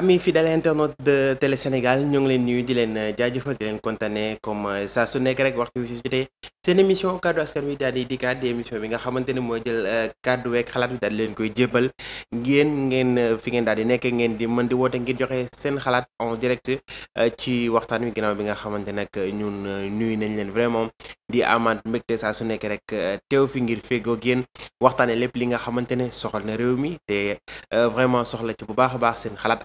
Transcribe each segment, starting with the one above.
ami fidèle internaute de Télé Sénégal ngi leen nuyu di leen euh, jaajëfal di leen kontaane comme euh, saa su nekk rek waxtu bi jotee seen émission kaddu askan wi daal di dikkaat di émission bi nga xamante ne mooy jël euh, kaddu week xalaat bi daal leen koy jébal ngeen ngeen fi ngeen daal di nekk ngeen di mën di woote ngir joxe seen xalaat en direct ci waxtaan wi ginnaaw bi nga xamante nag ñun nuyu nañ leen vraiment di amaat mbégte saa su nekk rek teew fi ngir féegoo yéen waxtaane lépp li nga xamante ne soxal na réew mi soxla ci bu baax a baax seen xalaat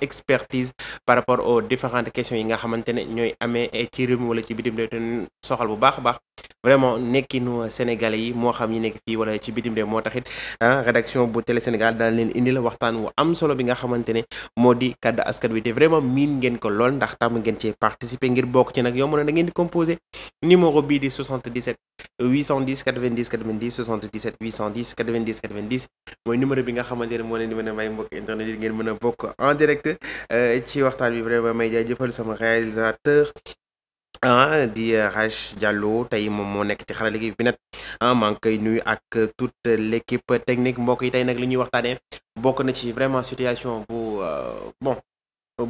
expertise par rapport aux différentes questions yi nga xamante ne ñooy amee ci réew mi wala ci bitim réew te soxal bu baax a baax vraiment nekkinu sénégalais yi moo xam ñi nekk fii wala ci bitim réew moo taxit ah, rédaction bu Télé daal leen indi la waxtaan wu am solo bi nga xamante ne moo di kaddu askan wi te vraiment miin ngeen ko lool ndax tàmm ngeen cee participer ngir bokk ci nag yomb na da ngeen di composé numéro bi di mën a may mbokk internet en direct euh, ci waxtaan bi vraiment may jëfal sama réalisateur. Ah, di Rach euh, Diallo tey moom moo nekk ci xarala gi bi nag ah maa ngi koy nuyu ak toute l'équipe technique mbokk yi tey nag li ñuy waxtaanee bokk na ci vraiment situation bu euh, bon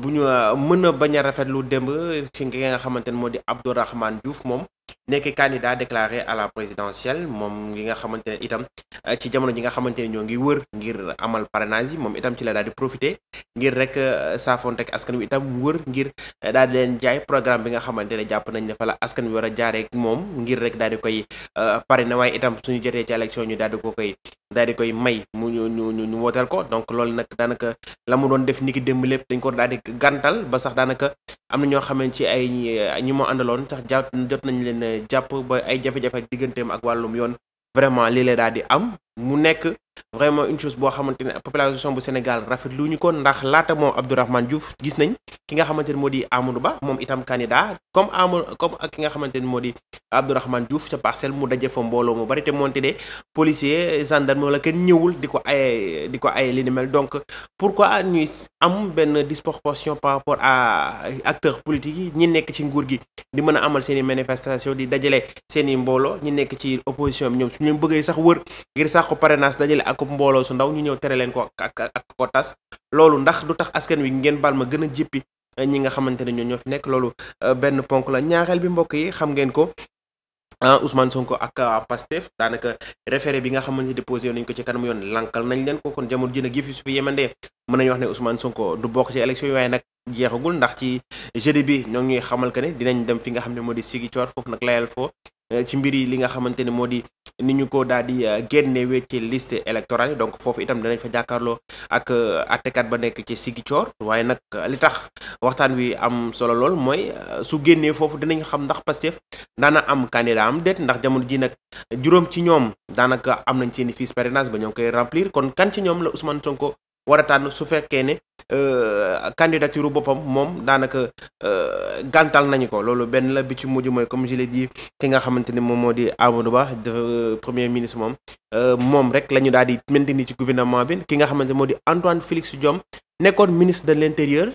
buñu ñu mën a bañ a rafetlu démb ci ki nga xamante ne moo di Abdourahmane Diouf moom nekk candidat déclaré à la présidentielle moom ngi nga xamante ne itam euh, ci jamono ji nga xamante ne ñoo ngi wër ngir amal parrainage yi moom itam ci la daal di profité ngir rek euh, saafoonte ak askan wi itam wër ngir euh, daal di leen jaay programme bi nga xamante ne jàpp nañ ne fa la askan wi war a jaaree moom ngir daal di koy parrainé waaye itam suñu jotee ci élection ñu daal di ko koy daal koy may mu ñu ñu ñu wooteel ko donc loolu nag daanaka la mu doon def niki démb lépp dañ ko daal di gantal ba sax daanaka am na ñoo xamante ci ay ñi moo àndaloon sax jot nañ leen leen eh, jàpp ba ay jafe-jafe ak digganteem ak wàllum yoon vraiment lii la daal di am mu nekk vraiment une boo xamante ne population bu Sénégal rafetlu ñu ko ndax laata moom Abdourahmane juuf gis nañ ki nga xamante ne moo di Amadou Ba moom itam candidat comme Amadou comme ki nga xamante ne moo di Abdourahmane Diouf ca parcelle mu daje fa mbooloo mu bari te moonte de policier gendarme wala kenn ñëwul di ko aye di ko aye li ni mel donc pourquoi ñuy am benn disproportion par rapport a acteurs politiques yi ñi nekk ci nguur gi di mën a amal seen i manifestation di dajale seen i mbooloo ñi nekk ci opposition bi ñoom suñu sax wër yàqu parrainage dajale ak mbooloo su ndaw ñu ñëw tere leen ko ak ak loolu ndax du tax askan wi ngeen baal ma gën a jéppi eh, ñi nga xamante ne ñoo ñoo fi nekk loolu eh, benn ponk la ñaareel bi mbokk yi xam ngeen ko. ah Ousmane Sonko ak ah, Pastef daanaka référé bi nga xamante déposé nañ ko ci kanam yoon lankal nañ leen ko kon jamono jën a gif yi su fi yemandee mën nañu wax ne Ousmane Sonko du bokk ci élection yi waaye nag jeexagul ndax ci jeudi bi ñoo ngi xamal ko ne dinañ dem fi nga xam ne moo di Ziguinchor foofu nag layal foo Eh, ci mbir yi li nga xamante ne moo di ni ñu ko daal di eh, génnewee ci liste électorale yi donc foofu itam danañ fa jàkkaarloo ak àttekat eh, ba nekk ci Ziguinchor waaye nag li tax waxtaan wi am solo lool mooy su génnee foofu dinañ xam ndax Pastef daana am candidat am déet ndax jamono ji nag juróom ci ñoom daanaka am nañ seen fiche parrainage ba ñoo koy remplir kon kan ci ñoom la Ousmane Sonko war a tànn su fekkee ne euh, candidature boppam moom daanaka euh, gàntal nañu ko loolu benn la bi ci mujj mooy comme je l'ai ki nga xamante ni moom moo di Amadou Ba euh, premier ministre moom moom rek la ñu daal di maintenir ci gouvernement bi ki nga xamante moo di Antoine Félix Diome nekkoon ministre de l'intérieur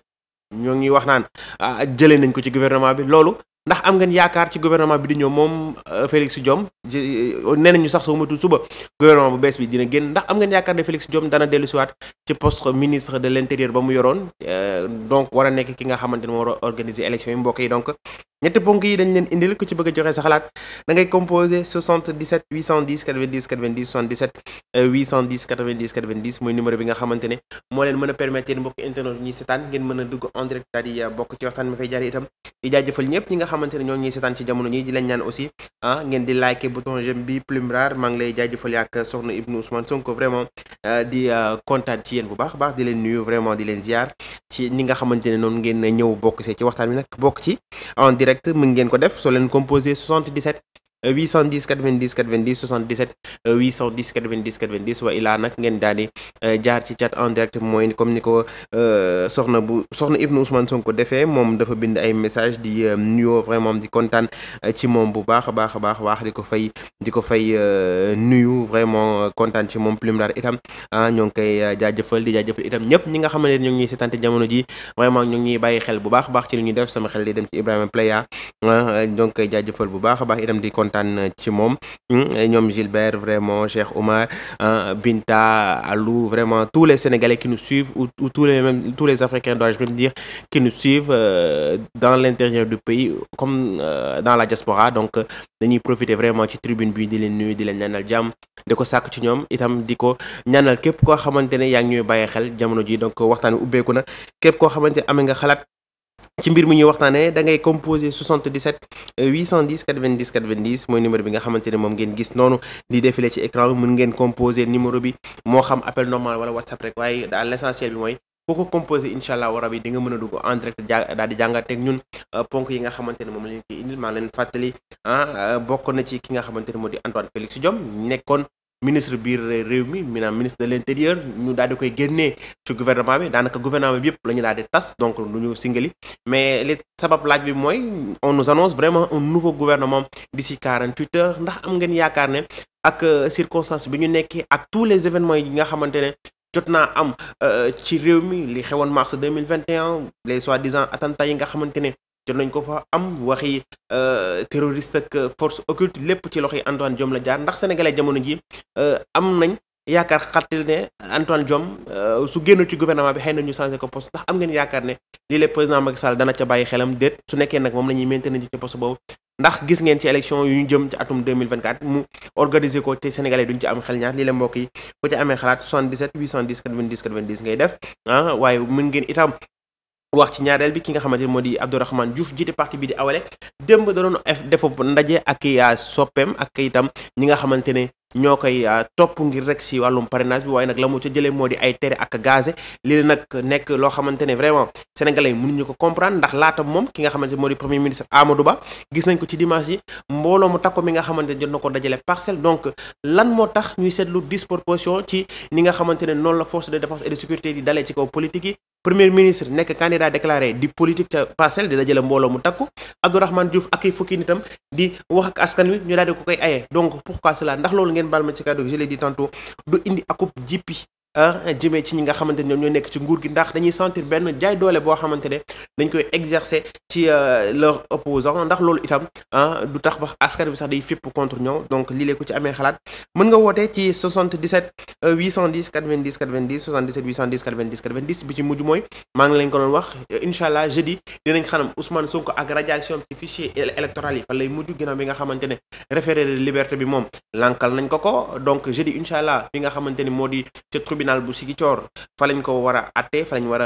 ñoo ngi wax naan ah, jëlee nañ ko ci guvernement bi loolu ndax am ngeen yaakaar ci gouvernement bi di ñëw moom euh, Félix Diome euh, nee nañu sax soo matul suba gouvernement bu bees bi dina génn ndax am ngeen yaakaar ne Félix Diome dana dellusiwaat ci poste ministre de l'intérieur ba mu yoroon euh, donc war a nekk ki nga xamante ne moo war a organiser élection yi mbokk yi donc ñetti ponk yi dañ leen indil ku ci bëgg a joxe sa xalaat da ngay composé 77 810 90 mooy numéro bi nga xamante ne moo leen mën a permettre yéen mbokk internet ñuy seetaan ngeen mën a dugg en direct daal di euh, bokk ci waxtaan mi fay jaare itam di jaajëfal ñëpp ñi nga xamante ne ñuy seetaan ci jamono ñi di leen ñaan aussi ah ngeen di liker bouton j'aime bi plume rare maa ngi lay jaajëfal ak soxna Ibnu Ousmane Sonko vraiment euh, di euh, kontaan ci yéen bu baax baax di leen nuyu vraiment di leen ziar ci ñi nga ngeen ñëw bokk see ci waxtaan mi nag bokk ci direct mën ngeen ko def soo leen composé 77 810 90 90 77 810 90 90 wa ilaa nag ngeen daal di eh, jaar ci chat en direct mooy comme ni ko eh, soxna bu soxna Ibnu Ousmane ko defee moom dafa bind ay message di eh, nuyoo vraiment di kontaan ci moom bu baax a baax a baax a baax di ko fay di ko fay nuyu vraiment kontaan ci moom Plume Radar itam ah, ñoo ngi koy jaajëfal di jaajëfal itam ñëpp ñi nga xam ne ñoo ngi ñuy jamono ji vraiment ñoo ngi ñuy bàyyi xel bu baax a baax ci li ñuy def sama xel di dem ci Ibrahima Playa ah, ñoo ngi koy jaajëfal bu baax a baax itam di kontaan kontaan ci moom hmm, ñoom Gilbert vraiment Cheikh Oumar euh, Binta Alou vraiment tous les Sénégalais qui nous suivent tous les même tous les Africains dois-je même dire qui nous suivent euh, dans l'intérieur du pays comme euh, dans la diaspora donc dañuy profiter vraiment ci tribune bi di leen nuyu di leen ñaanal jàmm di ko sàkk ci ñoom itam di ko ñaanal képp koo xamante ne yaa ngi ñuy bàyyi xel jamono ji donc waxtaan bi ubbeeku na képp koo xamante amee nga xalaat ci mbir mi ñuy waxtaanee da ngay composé 77 810 90 90 mooy numéro bi nga xamante ne moom ngeen gis noonu di défilé ci écran bi mën ngeen composé numéro bi moo xam appel normal wala whatsapp rek waaye daal l'essentiel bi mooy boo ko composé incha wara bi di mën a dugg en direct daal di jàngateeg ñun euh, ponk yi nga xamante ne moom la ñu koy indil maa leen fàttali ah euh, na ci ki nga xamante ne moo di Antoine Félix ministre biir réew mi maanaam ministre de l' ñu daal di koy génnee ci gouvernement bi daanaka gouvernement bi yëpp lañu ñu daal di tas donc du ñu singali mais li sabab laaj bi mooy on nous annonce vraiment un nouveau gouvernement d'ici 48 heures ndax am ngeen yaakaar ne ak euh, circonstance bi ñu nekkee ak tous les événements yi nga xamante ne jot naa am euh, ci réew mi li xewoon mars 2021 les soi-disant attentats yi nga xamante ne jot nañ ko fa am waxi euh, terroriste ak euh, force occulte lépp ci loxoy Antoine Diome la jaar ndax sénégalais jamono ji euh, am nañ yaakaar xattil ne Antoine Diome su génn ci gouvernement bi xëy na ñu changé ko poste ndax am ngeen yaakaar ne lii la président Macky Sall dana ca bàyyi xelam déet su nekkee nag moom la ñuy ci poste boobu ndax gis ngeen ci élection yu ñu jëm ci atum mu organiser ko te sénégalais duñ ci am xel ñaar lii la mbokk yi ku ci amee xalaat 77 810 90 90 ngay def ah waaye wax ci ñaareel bi ki nga xamante ni moo di Abdourahmane Diouf jiite parti bi di awale démb da doon def ndaje ak ya ah, soppeem ak itam ñi nga xamante ne ñoo koy ah, topp ngir rek si wàllum parrainage bi waaye nag la mu ca jëlee moo di ay tere ak gazé lii nag nekk loo xamante ne vraiment sénégalais yi mënuñu ko comprend ndax laata moom ki nga xamante ne moo di premier ministre Amadou Ba gis nañ ko ci dimanche yi mbooloo mu takko mi nga xamante ne jot na ko dajale parcelle donc lan moo tax ñuy seetlu disproportion xamante ne noonu la force de défense et premier ministre nekk candidat déclaré di politique ca parcelle di dajale mbooloo mu takku Abdourahmane Diouf ak i fukki nitam di wax ak askan wi ñu daal di ko koy aye donc pourquoi cela ndax loolu ngeen baal ma ci kàddu gi je l'ai dit du indi akub jippi jëmee ci ñi nga xamante ne ñoom ñoo nekk ci nguur gi ndax dañuy sentir benn jaay doole boo xamante ne dañ koy exercer ci euh, leur opposant ndax loolu itam ah, du tax ba askan bi sax day fépp contre ñoom donc lii lee ku ci amee xalaat mën nga woote ci 77 810 90 90 77 810 90 90 bi ci mujj mooy maa ngi leen ko doon wax euh, incha allah jeudi dinañ xam Ousmane Sonko ak radiation ci fichier électoral yi fan lay mujj bi nga xamante ne liberté bi moom lankal nañ ko ko donc incha allah bi nga xamante ni moo di tribunal bu Ziguinchor fa lañ ko war a fa lañ war a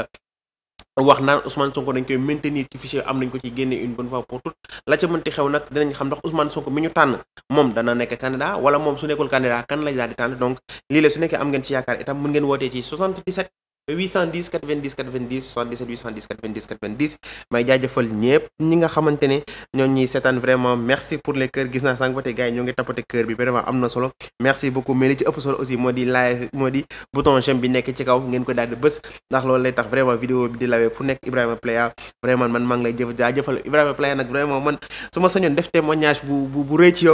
wax naan Ousmane Sonko dañ koy maintenir ci am nañ ko ci génne une bonne fois pour toutes la ca mënti xew nag dinañ xam ndax Ousmane Sonko mi ñu tànn moom dana nekk candidat wala moom su nekkul candidat kan lañ daal di tànn donc lii su nekkee am ngeen ci yaakaar itam mën ngeen wootee ci 77 810 90 90 77 810 90 90 may jaajëfal ñëpp ñi nga xamante ne ñoom ñuy seetaan vraiment merci pour les cœurs gis naa sànq ba tey gars ñoo ngi tapoté cœur bi vraiment am na solo merci beaucoup mais li ci ëpp solo aussi moo di live moo di bouton j'aime bi nekk ci kaw ngeen ko daal di bës ndax loolu lay tax vraiment vidéo bi di lawee fu nekk Ibrahima Playa vraiment man maa ngi lay jëf jaajëfal Ibrahima Playa nag vraiment man su ma sañoon def témoignage